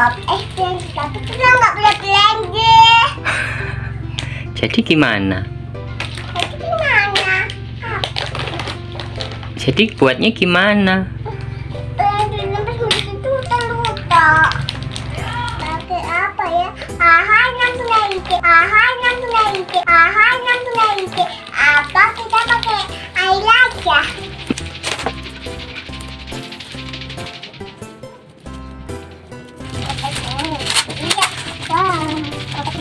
Pop tapi kita nggak belanja. Jadi gimana? Jadi gimana? Jadi buatnya gimana? Eh, kan apa ya? Aha, yang Aha, yang Aha,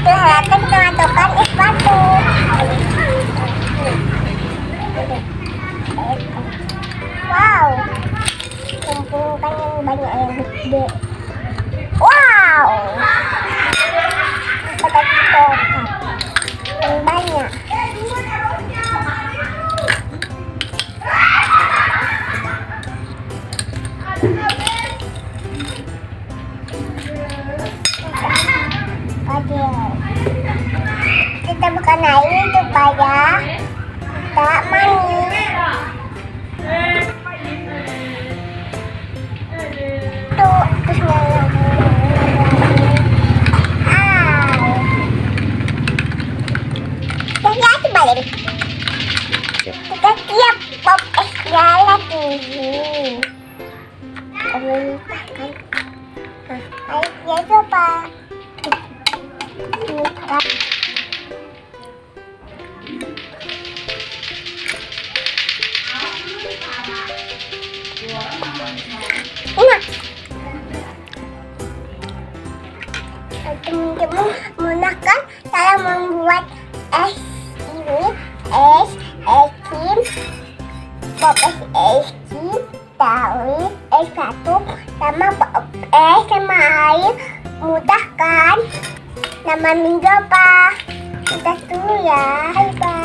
kelihatan kelantukan es batu wow kumpulkan yang banyak yang gede wow kita tokat yang banyak Thank karena ini supaya tak manis. Ah. Kita tiap pop es jalan Ayo coba. teman-teman menggunakan cara membuat es ini es es krim pop es es krim dari es batu sama es sama air mudah kan nama minggu apa kita tunggu ya bye